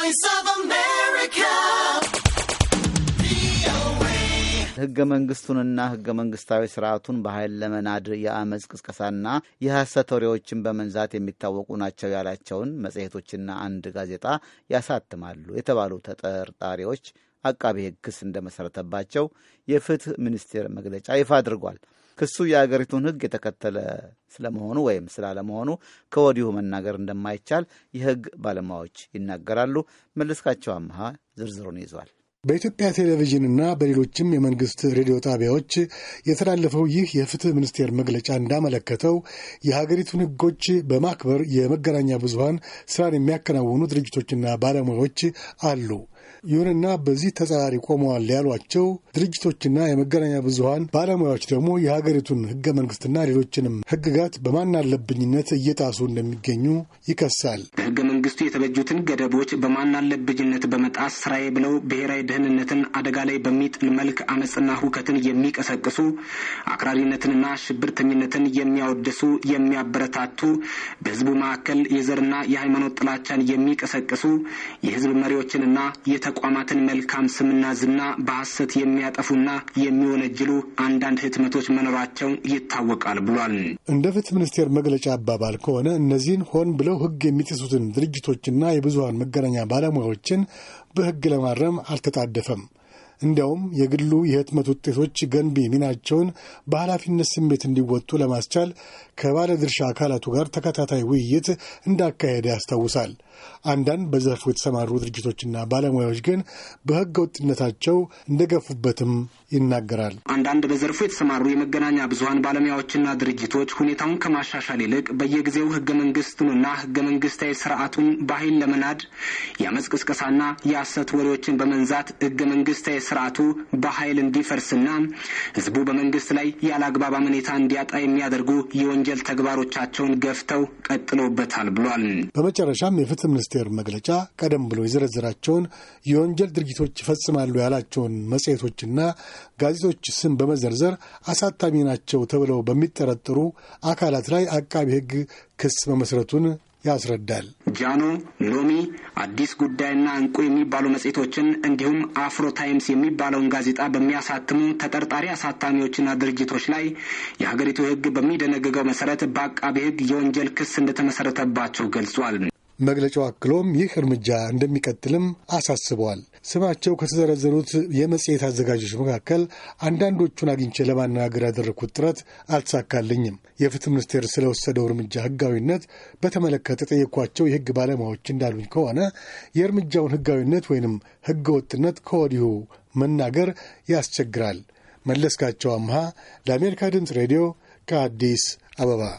Voice of ህገ መንግስቱንና ህገ መንግስታዊ ስርዓቱን በኃይል ለመናድ የአመፅ ቅስቀሳና የሐሰት ወሬዎችን በመንዛት የሚታወቁ ናቸው ያላቸውን መጽሔቶችና አንድ ጋዜጣ ያሳትማሉ የተባሉ ተጠርጣሪዎች አቃቤ ሕግ ክስ እንደመሰረተባቸው የፍትህ ሚኒስቴር መግለጫ ይፋ አድርጓል። ክሱ የአገሪቱን ሕግ የተከተለ ስለመሆኑ ወይም ስላለመሆኑ ከወዲሁ መናገር እንደማይቻል የሕግ ባለሙያዎች ይናገራሉ። መለስካቸው አምሃ ዝርዝሩን ይዟል። በኢትዮጵያ ቴሌቪዥንና በሌሎችም የመንግስት ሬዲዮ ጣቢያዎች የተላለፈው ይህ የፍትህ ሚኒስቴር መግለጫ እንዳመለከተው የሀገሪቱን ህጎች በማክበር የመገናኛ ብዙሀን ስራን የሚያከናውኑ ድርጅቶችና ባለሙያዎች አሉ። ይሁንና በዚህ ተጻራሪ ቆመዋል ያሏቸው ድርጅቶችና የመገናኛ ብዙሀን ባለሙያዎች ደግሞ የሀገሪቱን ህገ መንግስትና ሌሎችንም ህግጋት በማናለብኝነት እየጣሱ እንደሚገኙ ይከሳል። በሕገ መንግስቱ የተበጁትን ገደቦች በማናለብኝነት በመጣስ ስራዬ ብለው ብሔራዊ ደህንነትን አደጋ ላይ በሚጥል መልክ አመፅና ሁከትን የሚቀሰቅሱ አክራሪነትንና ሽብርተኝነትን የሚያወድሱ የሚያበረታቱ በህዝቡ መካከል የዘርና የሃይማኖት ጥላቻን የሚቀሰቅሱ የህዝብ መሪዎችንና የተ ተቋማትን መልካም ስምና ዝና በሐሰት የሚያጠፉና የሚወነጅሉ አንዳንድ ህትመቶች መኖራቸው ይታወቃል ብሏል። እንደ ፍትህ ሚኒስቴር መግለጫ አባባል ከሆነ እነዚህን ሆን ብለው ህግ የሚጥሱትን ድርጅቶችና የብዙሀን መገናኛ ባለሙያዎችን በህግ ለማረም አልተጣደፈም። እንዲያውም የግሉ የህትመት ውጤቶች ገንቢ ሚናቸውን በኃላፊነት ስሜት እንዲወጡ ለማስቻል ከባለድርሻ አካላቱ ጋር ተከታታይ ውይይት እንዳካሄደ ያስታውሳል። አንዳንድ በዘርፉ የተሰማሩ ድርጅቶችና ባለሙያዎች ግን በህገ ወጥነታቸው እንደገፉበትም ይናገራል። አንዳንድ በዘርፉ የተሰማሩ የመገናኛ ብዙሀን ባለሙያዎችና ድርጅቶች ሁኔታውን ከማሻሻል ይልቅ በየጊዜው ህገ መንግስቱንና ህገ መንግስታዊ ስርዓቱን በኃይል ለመናድ የአመፅ ቅስቀሳና የሐሰት ወሬዎችን በመንዛት ህገ መንግስታዊ ስርዓቱ በኃይል እንዲፈርስና ህዝቡ በመንግስት ላይ ያለ አግባብ አመኔታ እንዲያጣ የሚያደርጉ የወንጀል ተግባሮቻቸውን ገፍተው ቀጥለውበታል ብሏል። በመጨረሻም የፍትህ ሚኒስቴር መግለጫ ቀደም ብሎ የዘረዘራቸውን የወንጀል ድርጊቶች ይፈጽማሉ ያላቸውን መጽሔቶችና ጋዜጦች ስም በመዘርዘር አሳታሚ ናቸው ተብለው በሚጠረጠሩ አካላት ላይ አቃቢ ህግ ክስ መመስረቱን ያስረዳል። ጃኖ፣ ሎሚ፣ አዲስ ጉዳይና እንቁ የሚባሉ መጽሔቶችን እንዲሁም አፍሮ ታይምስ የሚባለውን ጋዜጣ በሚያሳትሙ ተጠርጣሪ አሳታሚዎችና ድርጅቶች ላይ የሀገሪቱ ሕግ በሚደነግገው መሰረት በአቃቤ ሕግ የወንጀል ክስ እንደተመሰረተባቸው ገልጿል። መግለጫው አክሎም ይህ እርምጃ እንደሚቀጥልም አሳስበዋል። ስማቸው ከተዘረዘሩት የመጽሔት አዘጋጆች መካከል አንዳንዶቹን አግኝቼ ለማነጋገር ያደረግኩት ጥረት አልተሳካልኝም። የፍትህ ሚኒስቴር ስለወሰደው እርምጃ ህጋዊነት በተመለከተ ጠየኳቸው። የህግ ባለሙያዎች እንዳሉኝ ከሆነ የእርምጃውን ህጋዊነት ወይንም ህገወጥነት ከወዲሁ መናገር ያስቸግራል። መለስካቸው አምሃ ለአሜሪካ ድምፅ ሬዲዮ ከአዲስ አበባ